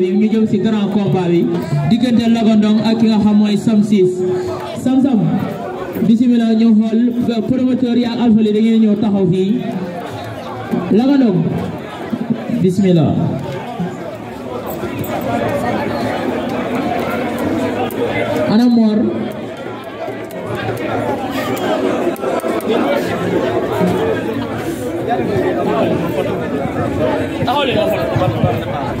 bi ñu jëm ci grand combat bi Lagondong ak ki nga xam Sam Sam Sam bismillah ñu xool promoteur yi alfali da taxaw Lagondong bismillah ana Mor taxaw leen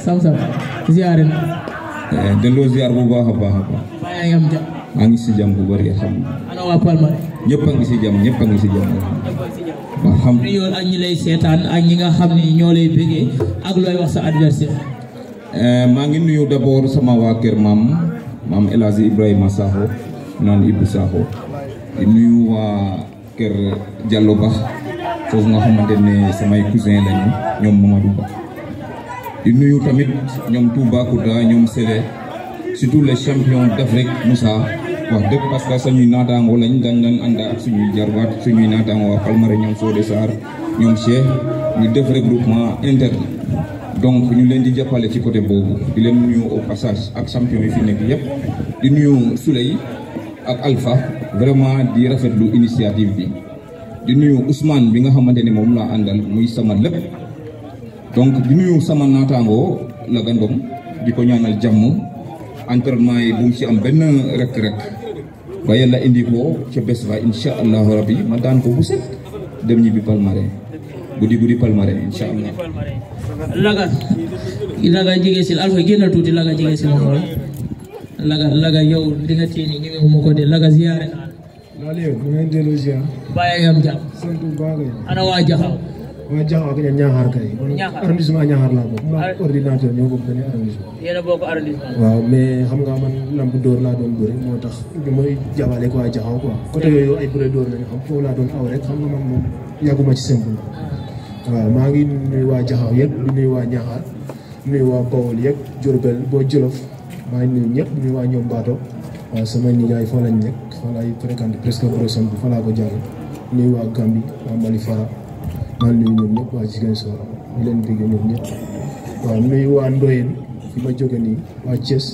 saw saw ziare eh, delloo ziar bu baax a baax a baax ngi am jàmm si jàmm bu bëri alhamdulilah ya, ana waa Palma ñëpp a ngi si jàmm ñëpp a ngi si jàmm alhamdulilah yoon ak ñi lay seetaan ak ñi nga ak wax sa adversaire eh, ngi nuyu d'abord sama wa kër mam, mam El Hadji Ibrahima Sakho naan Ibou Sakho di nuyu waa kër Diallo nga ne samay cousin lañu ñoom Mamadou Ba di nuyu tamit ñoom Toubacouta ñom sédé surtout les champions d'Afrique Moussa wax dëgg parce que suñuy naataango lañ dañ leen anda ak suñuy suñu suñuy naataango palmaré ñom so Sodé sar ñom Cheikh ñu def regroupement inter donc ñu leen di jappalé ci côté bobu di leen nuyu au passage ak champion yi fi nek yépp di nuyu Souley ak Alpha vraiment di rafetlu initiative bi di nuyu Ousmane bi nga xamanteni mom la andal muy sama lepp donc di nuyu sama natango la gandom diko ñaanal jamm entraînement yi bu ci am ben rek-rek ba yalla indi ko ci bes ba incha allahu rabbi ma daan ko bu set dem ñibbi palmarin guddi guddi palmarin incha allah. laga laga jige si alfa génn tuuti laga jege si ma laga laga yow li nga téye nii ñemewu ko de laga ziyaare naa. laale bu ngeen delo ziaré baye yam jam sentu bu ana wa jaxaw. waaw Diakha kañ la Niakhar kay. Niakhar arrondissement Niakhar laa bokk. ar ordinateur ñoo bokk benn arrondissement. yéen waaw mais xam nga man lamb dóor laa doon bëri moo tax ñu may jabale quoi jaxaw quoi. côté yooyu ay bëre dóor lañu xam foofu laa doon aw rek xam nga man moom yàgguma ci simple. waaw maa ngi nuyu waa jaxaw yëpp di nuyu waa Niakhar nuyu waa Bawol yëpp Diourbel boo Jolof maa ngi nuyu ñëpp nuyu waa ñoom Baato waaw sama nijaay foo lañ nekk fa laay fréquente presque borom bu fa laa ko jàll nuyu waa Gambie maa ngi nuyu ñoom ñëpp waa Ziguinchor di leen waa Ndoyeen fi ma jóge nii waa Thiès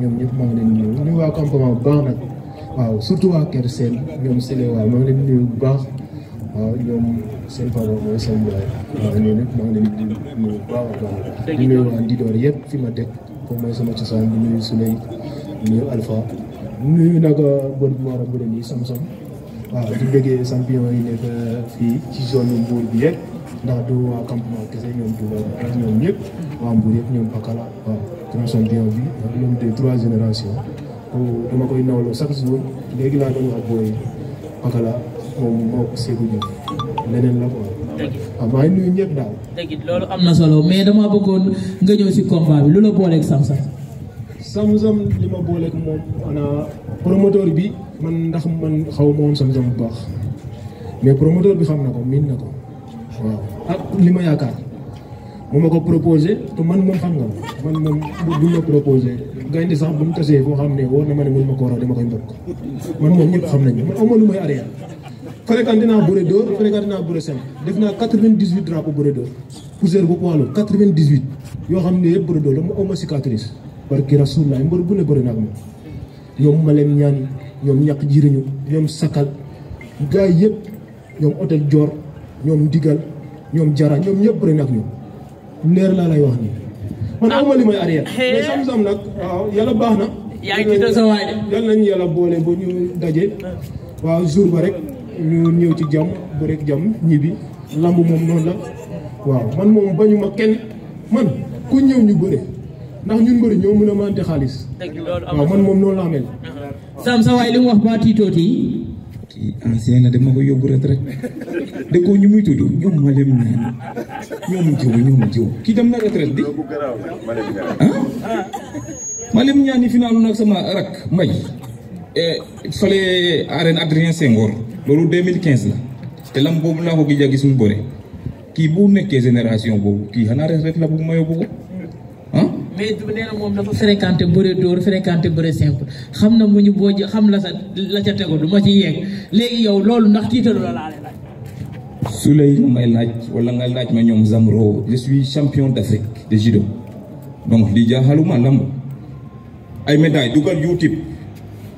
ñoom ñëpp maa ngi leen nuyu nuyu waa bu baax waaw surtout waa Kër Sène ñoom Sélé waaw moom ngi leen nuyu bu baax waaw ñoom maa ngi leen di baax a baax di nuyu waa Ndidoor yëpp fi ma dëkk comme mooy sama cosaan di nuyu Souley di nuyu Alpha nuyu nag euh, bon bu war a bëri Samsam waaw suñu déggee champion yi nekk fii ci zone Mbour bi yëpp ndax du waa campement kese ñoom Touba ak ñoom ñëpp waa Mbour yëpp ñoom Bakala waaw grand champion bi l'homme des trois générations dama koy nawloo chaque jour léegi laa doon wax booy Bakala moom moo ko Seydou leneen la quoi waaw ah, maa ngi nuyu ñëpp daal. loolu am na solo mais dama bëggoon nga ñëw si combat bi lu la booleeg Sam Zamzam li ma booleek moom maanaam promoteur bi man ndax man xaw ma woon Zamzam bu baax mais promoteur bi xam na ko miin na ko waaw ak li ma yaakaar ko proposé te man moom xam nga man moom bu ma proposé gaynde xam ne wóor na ma ma ko war koy mbokk man moom xam nañu man amul lu may arrière. fréquenté naa bëre d'or fréquenté naa bëre simple def naa quatre-vingt-dix-huit drapeau bëre d'or poussière bu poids quatre-vingt-dix-huit yoo xam ne yëpp bëre d'or la mu am cicatrice. barki rasulullah mbër bu ne na ak moom ñoom Malem ñaan ñoom ñàkk jiriñu ñoom sakal gars yi yëpp ñoom hôtel Dior ñoom digal ñoom jara ñoom na ak ñoom leer laa lay wax nii man ah. waaw yàlla baax na yàlla nañ yàlla boole ba ñu daje waaw jour ba rek ñu ñëw ci jàmm ba rek jàmm ñibbi lamb moom noonu la waaw man moom bañuma kenn man ku ñëw ñu bëre ndax ñun bari ñoo mën a mante xaalis waaw man mom non la mel uh-huh. sam sa way lim wax ba ki ancien ah, na dama ko yóbbu rek de ko ñu muy tudd ñoom malem na ñoom jiw ñoom jiw ki dem na retraite di ah ñaan ni finalu nak sama rak may eh fale arène adrien senghor lolu 2015 la té lam bobu la ko gi jagi sun boré ki bu nekké génération bobu ki xana rek la bu mayo bobu mais du nee moom dafa fréquenté bëre dóor fréquenté bëre simple xam na mu ñu boo xam la sa la ca tegu du ma ci yeeg léegi yow loolu ndax tiitalu la laale laaj. su lay may laaj walla nga laaj ma ñoom Zamro je suis champion d'Afrique de judo donc di jaaxaluma lamb ay médailles dugal YouTube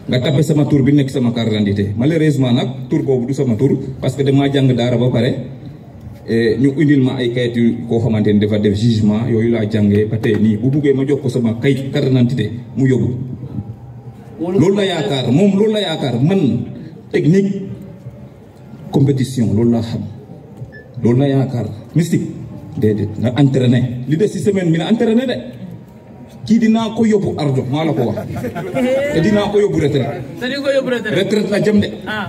nga tapé sama tour bi nekk sama carte d'identité malheureusement nag tur boobu du sama tur parce que damaa jàng daara ba pare. ñu eh, indil ma ay kayit ko xamanteni dafa def jugement yoyu la jangé ba ni bu buggee ma jox ko sama kayit carte d'identité mu yóbbu loolu la yaakar mom loolu la yaakar man technique compétition loolu la xam loolu la yaakar mystique déedéet na entraîner li des ci semaine mi na entraîner dé ki dina ko yobbu ardo ma la ko wax retraite dina ko yobbu retraite retraite la jëm de ah.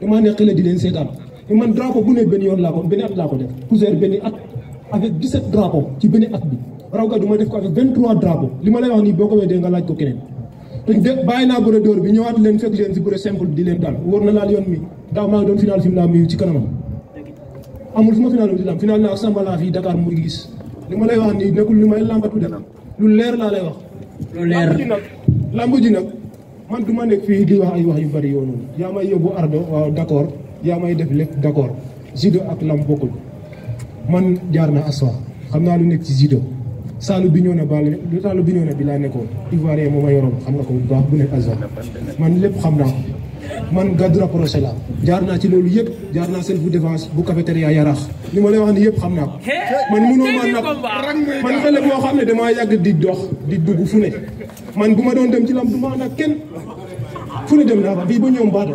damaa ne xale di leen seetaan man drapeau bu ne benn yoon laa ko benn at laa ko def Kouzer benn at avec 17 drapeaux ci benn at bi raw gàddu ma def ko avec 23 drapeaux li ma lay wax nii boo ko weddee nga laaj ko keneen. te bàyyi naa bëre dóor bi ñëwaat leen fekk leen si bëre simple di leen daal wóor na laal yoon mi daaw maa ngi doon final fi mu laa ci kanamam. amul fu ma final di am final naa ak Samba laa fii Dakar mu gis ma lay wax nii leer laa lay wax. lu leer ji nag man du nekk fii di wax ay wax yu bari yoonu yaa may yóbbu ardo waaw d' accord yaa may def lépp d' accord judo ak lam bokkul man jaar na aswa xam naa lu nekk ci judo saalu bi ñoo ne ba lu saalu bi ñoo ne bi laa nekkoon ivoirien moo ma yoroon xam nga ko bu baax bu nekk aswa man lépp xam naa ko man garde rapproché la jaar naa ci loolu yëpp jaar naa self défense bu cafétéria yarax li ma lay wax ni yëpp xam naa ko man mënoo ma napp man xam ne damaa yàgg di dox di dugg fu ne man bu ma doon dem ci lamb du ma ànd ak kenn fu ne dem naa fa ba ñoom baata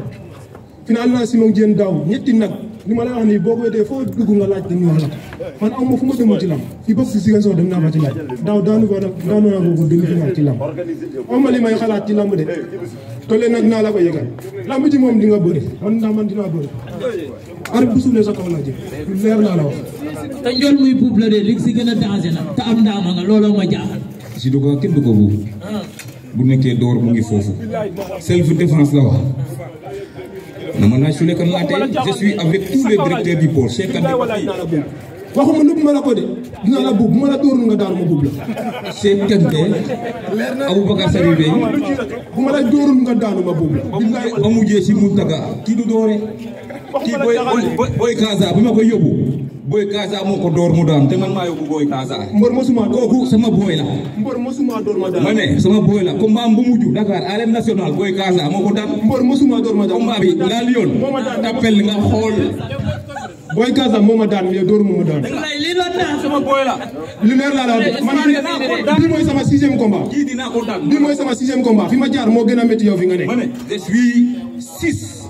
final naa si moom jën daaw ñetti nag li ma lay wax nii boo ko wetee foo dugg nga laaj la man aw ma fu ma demul ci lamb fii ba si Ziguinchor dem naa fa ci lamb daaw daanu ko daanu naa ko demi final ci lamb aw ma li may xalaat ci lamb sa kaw laa jëm leer naa la wax te njool muy buub la de li si gën a danger nag te am ndaama nga looloo ma jaaxal judoka kenn du ko bu bu nekkee door mu ngi foofu self défense la wax na ma naaj su nekk maa tey je suis avec tous les directeurs du port Cheikh ma la ko de dina la buub la dóor nga daanu ma buub la Cheikh bu ma la dóorul nga daanu buub la ba mujjee si Mountaga kii du doore kii booy booy Kaza bi ma koy yóbbu boy kaza mo ko dor mu daan te man mayo ko boy kaza mbor mosuma kooku sama boy la. mbor musuma dor ma daan sama boy la mbam bu muju Dakar arène national boy kaza moo ko daan. mbor musuma dor ma daan combat bi la Lion tapel nga xol boy kaza mo ma daan mais dor mu ma li la tan sama boy la. li leer la la man bii mooy sama sixième combat. di na ko daan bii moy sama 6e combat fi ma jaar mo gëna metti yow fi nga ne. je suis six.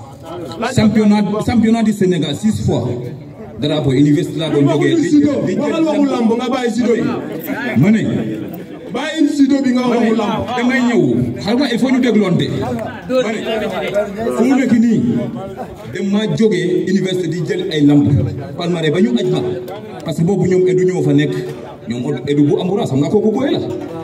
championnat championnat du Sénégal six fois. drapeau université laa doon jógee. waxal waxul lamb nga bàyyi studio bi. ma ne. bàyyi studio bi nga waxul lamb. dangay ñëw xam nga il faut ñu dégloonte. ma ne nekk nii damaa jógee université di jël ay lamb palmarès ba ñu aj ma parce que boobu ñoom edu ñoo fa nekk ñoom edu bu ambulances xam nga kooku booy la.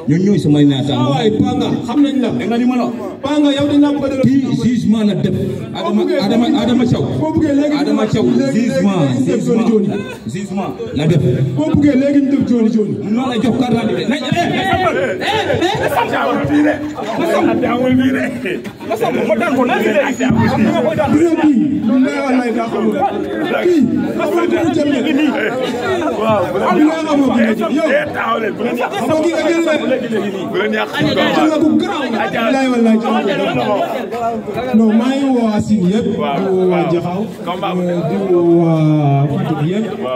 ñun ñooy samay naataango. waaw waay Panga xam nañ la. dégg nga li ma la wax. Panga yow dañ laa bëgg a delloo. kii jugement la def. Adama Adama Adama Thiaw. boo buggee léegi Adama Thiaw jugement jugement jugement la def. boo buggee léegi ñu def jooni jooni. ñoo la jox carte d'identité nañ. waaw. bu leen yàq suñu combat jël na waa Jaxaaw waa Fatick yëpp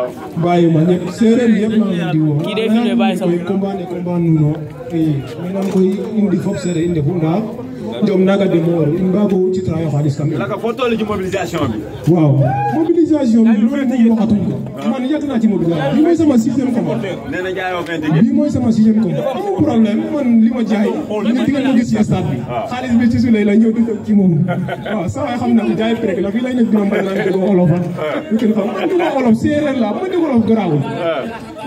bàyyi ma ñëpp séeréer yëpp maa di woo kii day filmé bàyyi sama combat ne combat koy indi fop séeréer indi funda jom naga de moor in bago citra xaalis kam naka fo tolli mobilisation bi waaw mobilisation bi lu leen waxatuñ ko man yàgg naa ci mobilisation bi sama sixième combat nee na jaayoo bi sama sixième combat amul problème man li jaay ni di nga gis ci stade bi xaalis bi ci sulay la ci waaw sa xam na jaay ah. prek la fi lay nekk dina mbay naan dégg olof ñu kenn xam man dégg olof séeréer la ah. man dégg olof garaawul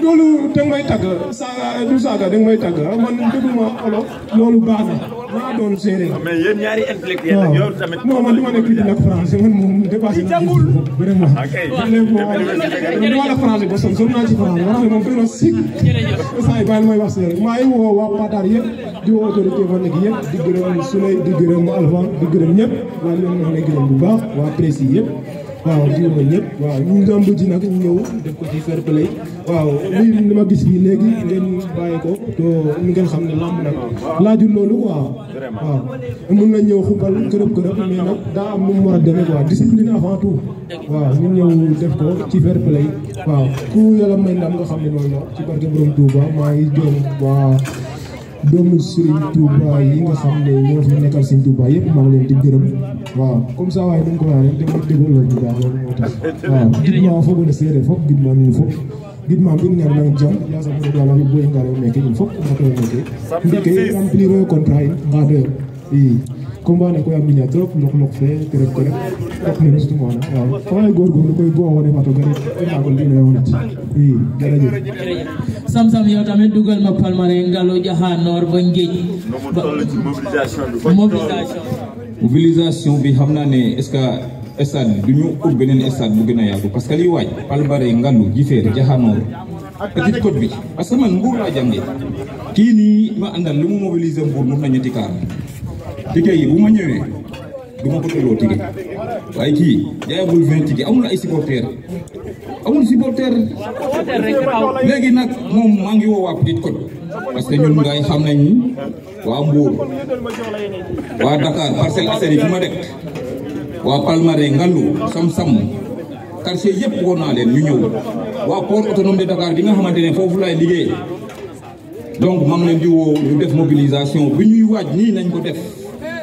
loolu dang may tagg sa du saaga dang may tagg man dégguma olof baax maa doon séeréer. mais yéen ñaari intellectuel ak ma nekk nag français man moom dépassé naa vraiment. wala français ba sonn sonn naa ci français wala moom vraiment si. saa yi bàyyi mooy wax séeréer maa ngi woo waa Patar yëpp di woo autorité fa nekk yëpp di gërëm Souley di gërëm Alvan di gërëm ñëpp waa ñoom ñoo ngi gërëm bu baax waa presse yëpp waaw jiw ma waaw ñu ngi am bëgg nag ñu ñëw def ko ci fair play waaw lii li ma gis nii léegi ngeen bàyyi ko to ñu ngeen ne lamb nag laajul loolu quoi waaw mun nañ ñëw xubal kërëb kërëb mais nag daa am lu mu war a demee quoi discipline avant tout waaw ñu ñëw def ko ci fair play waaw ku yàlla may ndam nga xam ne loolu la ci barke borom Touba maa ngi joom waa doomu Serigne Touba yi nga xam ne ñoo fi nekkal Serigne Touba ngi leen di gërëm waaw comme ça waaye nu ko waxee rek dama déglu la loolu moo tax waaw gidma fogo ne seere fop gidma nuun fop gidma mbi ngar na jam yasam dalal boy ngaro meke in fop ngatoyo meke mbi ke remplir contrat in ngadoyo i combat ne koy am ndox ndox fee tërëb ko rek ak ne restu ngoona waaw faa e góor góor koy boo wone ma gari ina ko lii lay wone oui jërëjëf sam sam yow tamit dugal ma palmarin ngalo jaha noor ba ngéej mobilisation mobilisation bi xam naa est-ce que stade du ñu ut beneen stade bu gën a parce que liy waaj palbare ngalu jifeer jaxanoor petite côte bi parce que man mbuur laa jàngee kii nii ma àndal li mu mobiliser mbuur mun na ñetti liggéey yi bu ma ñëwee du ma ko delloo tigi waaye kii jaayagul vingt tigi amul ay supporter amul supporter légui nak moom ma ngi wo waa Petite Côte parce que ñun ngaay xam nañ wa Mbour wa Dakar Parcelles Assainies bi ma dëkk wa palmaré Ngandu Sam-Sam quartier yépp woon naa leen ñu ñëw wa port autonome de Dakar bi nga xamante ne foofu laay liggéey donc maa ngi leen di woo ñu def mobilisation bi ñuy waaj nii nañ ko def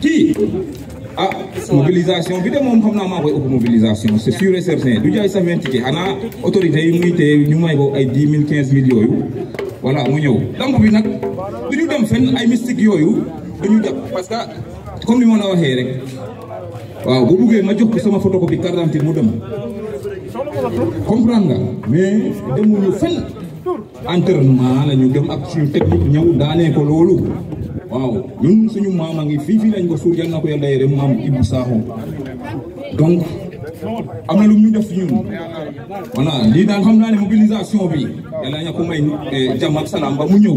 kii ah mobilisation bi de moom xam naa maa koy ëpp mobilisation c'est sûr et certain du jaay sa vingt ticket xanaa autorité yi muy téye ñu may ko ay dix mille quinze mille yooyu voilà mu ñëw lamb bi nag du ñu dem fenn ay mystique yooyu du ñu jàpp parce que comme ni ma la waxee rek waaw bu buggee ma jox ko sama photocopie carte d'identité mu dem comprendre nga mais demuñu fenn entraînement la ñu dem ak suñu technique ñëw daanee ko loolu waaw ñun suñu maam a ngi fii fii lañ ko suur yal na ko yàlla yërëm maam Ibou Sakho donc am na lu ñu def ñun voilà lii daal xam naa ne mobilisation bi yàlla ña ko eh, may jàmm ak salaam ba mu ñëw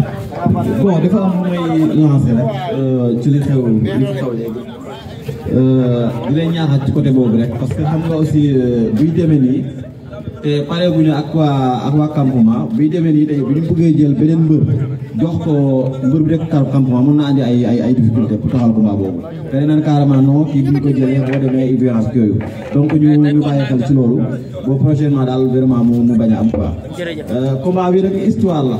bon dafa mooy lancé euh, ci li xew li xew léegi euh, di leen ñaaxaat ci côté boobu rek parce que xam nga aussi euh, buy demee nii te pare bu ñu ak waa ak waa campement buy demee nii tey bu ñu bëggee jël beneen mbër jox ko mbër bi rek campement ay ay ay difficulté pour taxawal combat boobu. te naan kii bu ko jëlee boo demee violence yooyu donc ñu ñu bàyyi xel ci loolu ba prochainement daal vraiment mu mu bañ a am quoi. combat bi rek histoire la.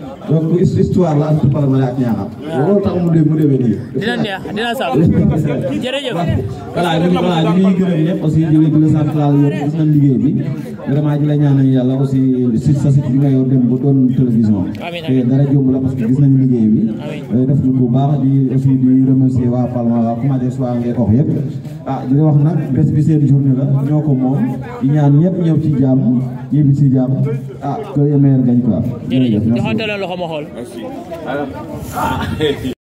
donc histoire la entre Palma ak Niakhar. loolu tax mu dé mu demee nii. dina neex dina sax jërëjëf. voilà ñu ngi voilà ñu ngi gërëm ñëpp aussi di leen gën a sant yéen gis nañ liggéey bi. vraiment di la ñaanal yàlla aussi si sa site bi nga yor dem ba doon télévision te eh, dara jomb la parce que gis nañu liggéey bi eh, def bu baax di aussi di waa Palma waa commentaire soi ngay wax yëpp ah di wax nag bés bi seen journée la ñoo ko moom di ñaan ñëpp ñëw ci jàmm ñibbi ci jàmm ah que le meilleur gagne quoi loxo ma xool